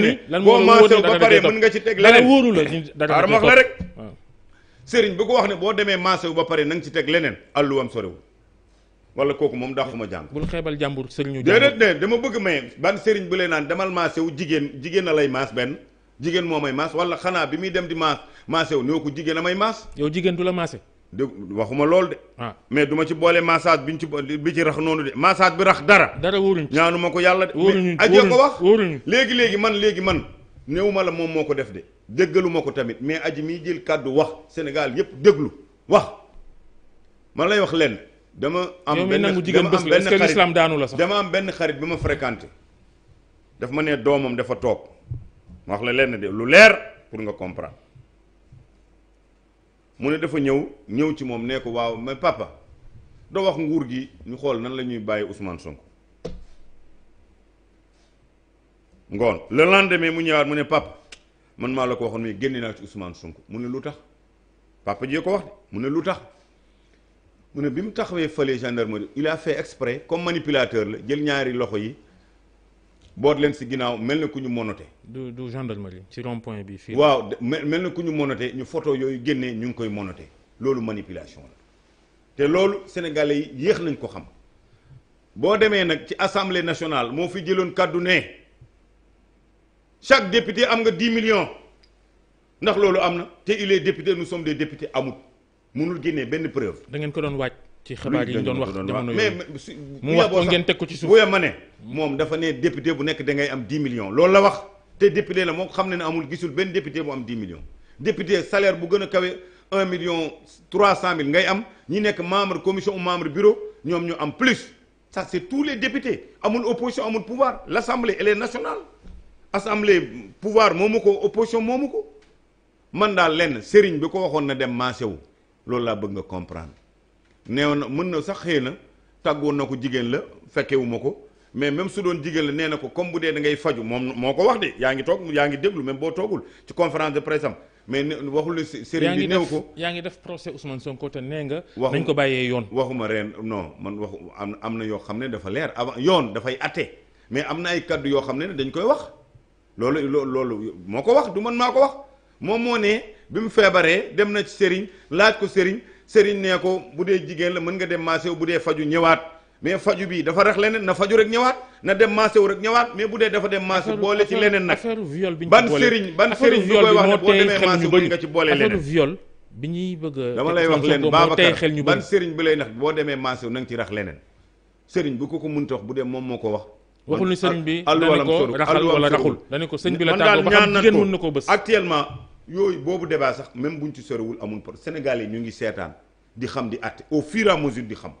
lan moo wóorul ba pare mën nga ci teg leneen wóoru la dara wax la rek sëriñ bu ko wax ne boo demee maasew ba pare na nga ci teg leneen alluwam sorewul wala kooku moom daaxuma jàng bul xeebal jàmbur sëriñu jàmbur déedéet dama bëgg maye ban sëriñ bu leen naan demal maasew jigéen jigéen na lay maas benn jigéen moom may maas wala xanaa bi muy dem di maas maasew ñoo ko jigéen a may maas yow jigéen du la maase de waxuma loolu de. Ah. mais duma ci boole massage bi ñu ci bi ci rax noonu de massage bi rax dara. dara wóoruñ ñaanu ma ko yàlla de. wóoruñu wóoruñu ko wax léegi léegi man léegi man néew la moom moo ko def de déggalu ko tamit mais aji mii jël kàddu wax Sénégal yëpp déglu wax man lay wax lenn. dama am benn dama am benn xarit l'islam daanu la sax dama benn xarit bi ma fréquenté daf ma ne doomam dafa toog ma wax la lenn de lu leer pour nga comprendre. mu ne dafa ñëw ñëw ci moom nee ko waaw mais papa doo wax nguur gi ñu xool nan la ñuy bàyyi Ousmane Sonko ngoon le lendemain mu ñaar mu ne papa man maa la ko waxoon mais génne naa ci Ousmane sunk mu ne lu tax papa jee ko wax de mu ne lu tax mu ne bi mu taxawee fële gendarmerie il a fait exprès comme manipulateur la jël ñaari loxo yi boot leen si ginnaaw mel na ku ñu monote du du gendarmerie ci rond point bi fii waaw mel na ku ñu monote ñu photo yooyu génne ñu ngi koy monote loolu manipilation la te loolu sénégalais yi yéex nañ ko xam boo demee nag ci assemblée nationale moo fi jëloon kàddu ne chaque député am nga 10 million ndax loolu am na te il est député nous sommes des députés amut mënul génnee benn preuve. da ngeen ko doon wàcc ci xibaar yi ñu wax jamono yooyu mu wax ko ngeen teg ko ci suuf bu ma ne moom dafa ne député bu nekk da ngay am 10 millions loolu la wax te député la moo xam ne ne amul gisul benn député bu am 10 millions député salaire bu gën a kawe 1 trois 300 mille ngay am ñi nekk membre commission ou membre bureau ñoom ñu am plus ça c'est tous les députés amul opposition amul pouvoir l'assemblée elle est nationale assemblée pouvoir moomu ko opposition moomu ko man daal lenn sëriñ bi ko waxoon na dem maase wu loolu laa bëgg nga comprendre neew na mën na sax xëy na tàggoon na ko jigéen la fekkewuma ko mais même su doon jigéen la nee na ko comme bu dee da ngay faju moom moo ko wax de yaa ngi toog yaa ngi déglu même boo toogul ci conférence de presse am mais waxul sëriñ bi néew ko yaa ngi def procès Ousmane Sonko nee nga dañ ko bàyyee yoon waxuma reen non man waxu am am na yoo xam ne dafa leer avant yoon dafay atte mais am na ay kaddu yoo xam ne dañ koy wax loolu loolu moo ko wax du man maa ko wax moom moo ne bi mu feebaree dem na ci sëriñ laaj ko sëriñ sëriñ nee ko bu dee jigéen la mën nga dem maasé bu dee faju ñëwaat mais faju bi dafa rax leneen na faju rek ñëwaat na dem maasé wu rek ñëwaat mais bu dee dafa dem maasé boole ci leneen nag ne boo demee maasé wu ci boole leneen lay wax leen Babacar sëriñ bi lay nax boo demee maasé wu na nga ko ko mënta wax bu dee moom moo ko wax waxul ni sëriñ bi dañu ko raxal wala raxul dañu ko sëriñ bi la tàggoo ba xam jigéen mën na ko bës yooyu boobu débat sax même buñ ci sorewul amul pour Sénégal yi ñu ngi seetaan di xam di àtte au fur et à mesure di xam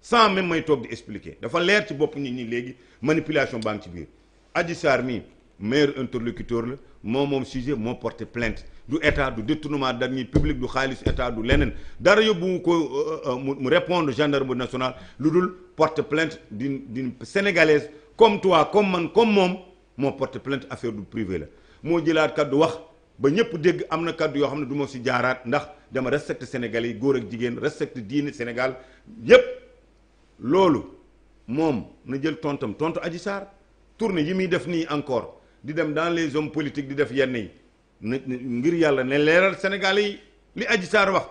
sans même may toog di expliquer dafa leer ci bopp nit ñi léegi manipulation baa ngi ci biir Adji Sarr mii meilleur interlocuteur la moo moom sujet moo porte plainte du état du détournement deniers publics du xaalis état du leneen dara yóbbu ko euh, euh, mu répondre gendarme national lu dul porte plainte d'une d'une sénégalaise comme toi comme man comme moom moo porte plainte affaire du privé la moo jëlaat kàddu wax ba ñëpp dégg am na kàddu yoo xam ne du si jaaraat ndax dama respecté Sénégalais yi góor ak jigéen respecté diini Sénégal yépp loolu moom na jël tontam tontu Adji Sarr tournée yi muy def nii encore di dem dans les hommes politiques di def yenn yi na ngir yàlla ne leeral Sénégalais yi li Adji Sarr wax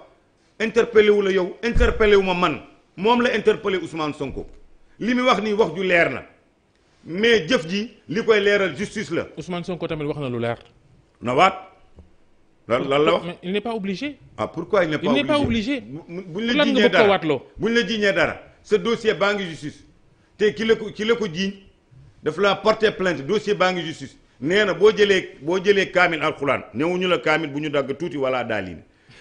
interpellé wu la yow interpellé wu ma man moom la interpellé Ousmane Sonko li muy wax nii wax ju leer na mais jëf ji li koy leeral justice la. Ousmane Sonko tamit wax na lu leer. lan lan la wax il n'est pas obligé. ah pourquoi il n'est pas obligé il n'est bu obligé. buñ la jiiñee dara buñ la sa dossier baa ngi justice te ki la ko ki la ko jiiñ daf laa porter plainte dossier baa ngi justice nee na boo jëlee boo jëlee kaamil alxuraan newuñu la kaamil bu ñu dagg tuuti wala daaliin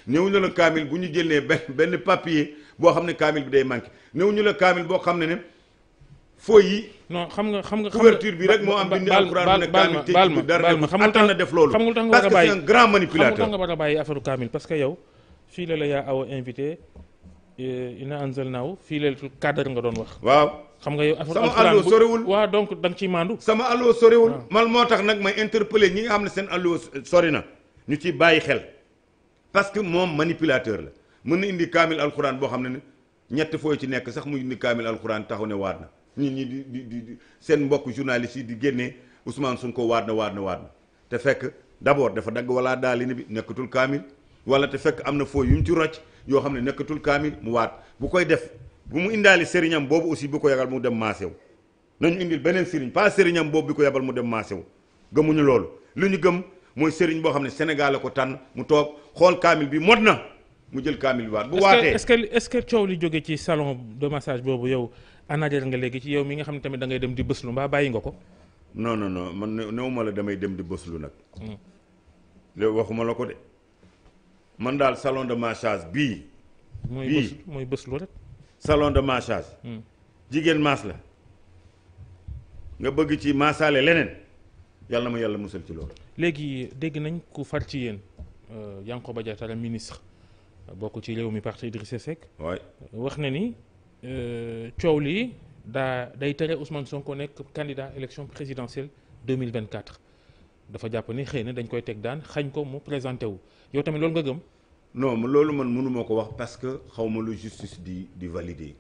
newuñu la kaamil bu ñu jëlee benn benn papier boo xam ne kaamil bi day manqué newuñu la kaamil boo xam ne ne. foo yi. no xam nga xam nga couverture bi rek moo am bind alxuraan nag kaamil te dara ma xam nga tax na def loolu. xam nga lu tax nga war a bàyyi parce a bàyyi affaire kaamil parce que yow fii la la yaa aw invité eh, ina anzal naaw fii la cadre nga doon wax. waaw xam nga yow affaire sama allo soriwul waaw donc da nga ciy maandu. sama allo soriwul. Ah. man moo tax nag may interpeller ñi nga xam ne seen allo eh, sori na ñu ci bàyyi xel parce que moom manipulateur la mën na indi kaamil alxuraan boo xam ne ñett fooy ci nekk sax muy indi kaamil alxuraan taxu ne waat na ñun ñi di di di seen mbokk journaliste yi di génnee Ousmane Sonko waat na waat na waat na te fekk d'abord dafa dagg wala daali ni bi nekkatul kaamil wala te fekk am na foo yu ñu ci rocc yoo xam ne nekkatul kaamil mu waat bu koy def bu mu indaale sëriñam boobu aussi bu ko yagal mu dem maasew nañu indil beneen sëriñ pas sëriñam boobu bi ko yabal mu dem maasew gëmuñu loolu lu ñu gëm mooy sëriñ boo xam ne Sénégal la ko tànn mu toog xool kaamil bi mot na mu jël kaamil bi waat bu waatee est-ce que est-ce jóge ci salon de boobu yow anaajal nga léegi ci yow mi nga xam ne tamit da ngay dem di bëslu mbaa bàyyi nga ko. non non non man newuma la damay dem di bëslu nag. Hmm. léegi waxuma la ko de man daal salon de marchage bii. mooy bës mooy bëslu rek. salon de massage. Hmm. jigéen maas la nga bëgg ci maasaale leneen yàlla ma yàlla musal ci loolu. léegi dégg nañ ku far ci yéen euh, Yankhoba Diattara ministre bokk ci réew mi parti Idrissa Seck. waay wax na ni. Euh, coow lii daa day tere Ousmane Sonko nekk candidat élection présidentielle 2024 dafa jàpp ni xëy na dañ koy teg daan xañ ko mu présenté wu yow tamit loolu nga gëm. ma loolu man mënu ko wax parce que xaw ma lu justice di di valider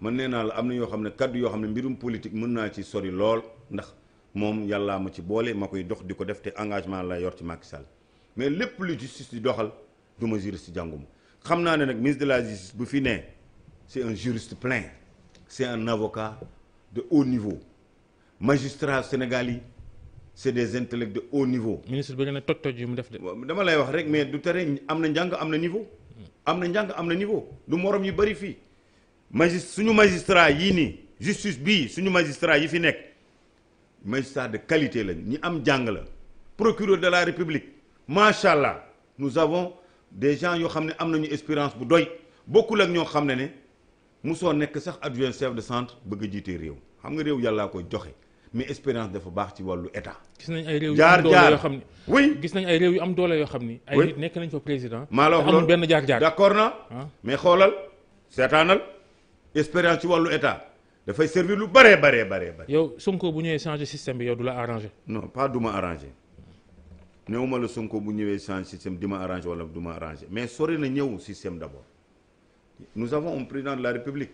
man nee naa la am na yoo xam ne kàddu yoo xam ne mbirum politique mën naa ci sori lool ndax moom yàllaa ma ci boole ma koy dox di ko def te engagement la yor ci Macky Sall mais lépp lu justice di doxal du ma juriste si jànguma xam naa ne nag ministre de la justice bu fi nee. c'est un juriste plein c'est un avocat de haut niveau magistrat Sénégal yi c'est des intellects de haut niveau. ministre bi nga toj toj yu mu def de. dama lay wax rek mais du tere am na njàng am na niveau. am na njàng am na niveau du morom yu bëri fii. magis suñu magistrat yii nii justice bii suñu magistrat yi fi nekk magistrat de qualité lañ ñi am jàng la procureur de la république macha allah nous avons des gens yoo xam ne am nañu espérance bu doy bokkul ak ñoo xam ne ne. musoo nekk sax adjoint chef de centre bëgg a jiite réew xam nga réew yàllaa koy joxe mais expérience dafa baax ci wàllu état. gis nañ ay réew yu am doole yoo xam ni oui gis nañ ay réew yu am doole yoo xam ni. ay nekk nañ ko président. maa la wax loolu benn jaar-jaar. d'accord na ah. mais xoolal seetaanal expérience ci wàllu état dafay servir lu bëree bëree bëree bëri. yow Sonko bu ñëwee changer système bi yow du la arranger. no pas du ma arranger néew ma la Sonko bu ñëwee changer système di ma arranger wala du ma mais sori na ñëw système d'abord. nous avons un président de la république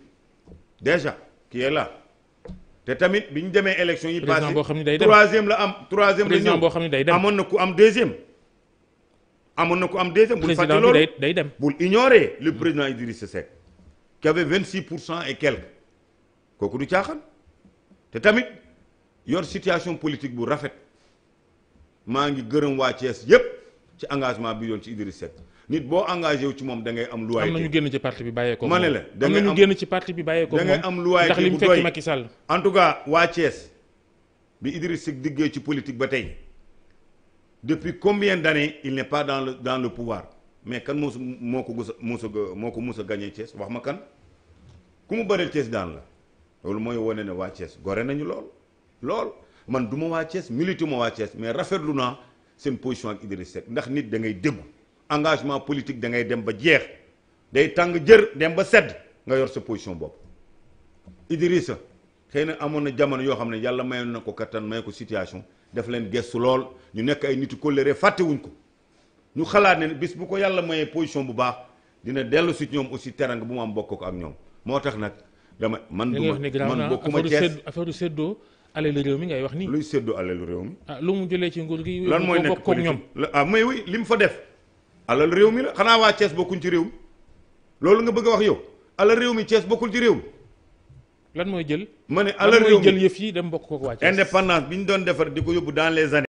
déjà qui est là te tamit bi ñu demee élection yi. passé troisième la am boo xam troisième la ñëw amoon na ku am deuxième. amoon na ku am deuxième bul fàtte loolu day dem bul ignorer le président Idrissa Seck qui avait vingt six pour cent et quelques kooku du caaxaan te tamit yor situation politique bu rafet maa ngi gërëm waa Thiès yépp ci engagement bi yoon ci Idrissa Seck nit boo engagé wu ci moom da ngay am. lu am na ñu génn ci parti bi bàyyeekoo moom ne la da na ñu génn ci parti bi bàyyeekoo moom da ngay am loyauté ndax li mu fekk Macky Sall. en tout cas waa Thiès bi Idriss diggee ci politique ba tey depuis combien d'années il n'est pas dans le dans le pouvoir mais kan moo moo ko mus a mus a moo ko mus a gagné Thiès wax ma kan ku mu bëreel Thiès daan la loolu mooy wane ne waa Thiès gore nañu lool lool. man du ma waa Thiès milituma waa Thiès mais rafetlu naa seen position ak Idriss ndax nit da ngay déggu engagement politique da ngay dem ba jeex day tàng jër dem ba sedd nga yor sa position bopp Idrissa xëy na amoon na jamono yoo xam ne yàlla mayoon na ko kattan may ko situation def leen gestu lool ñu nekk ay nitu kóllëre fàttewuñ ko ñu xalaat ne bis bu ko yàlla mayee position bu baax dina dellu si ñoom aussi teranga bu mu am bokk ko ak ñoom moo tax nag dama man duma man bokkuma Cees affaire séddoo alalu réew mi ngay wax nii luy seddoo alalu réew mi ah lu mu jëlee ci nguur gi lan mooy nekk bokk ak ñoom ah mais li mu fa def alal réew mi la xanaa waa Thiès bokkuñ ci réew mi loolu nga bëgg a wax yow alal réew mi cees bokkul ci réew mi. lan mooy jël. ma ne alal réew mi jël yëf yi dem bokk ko waa Thiès. indépendance bi ñu doon defar di ko yóbbu dans les années.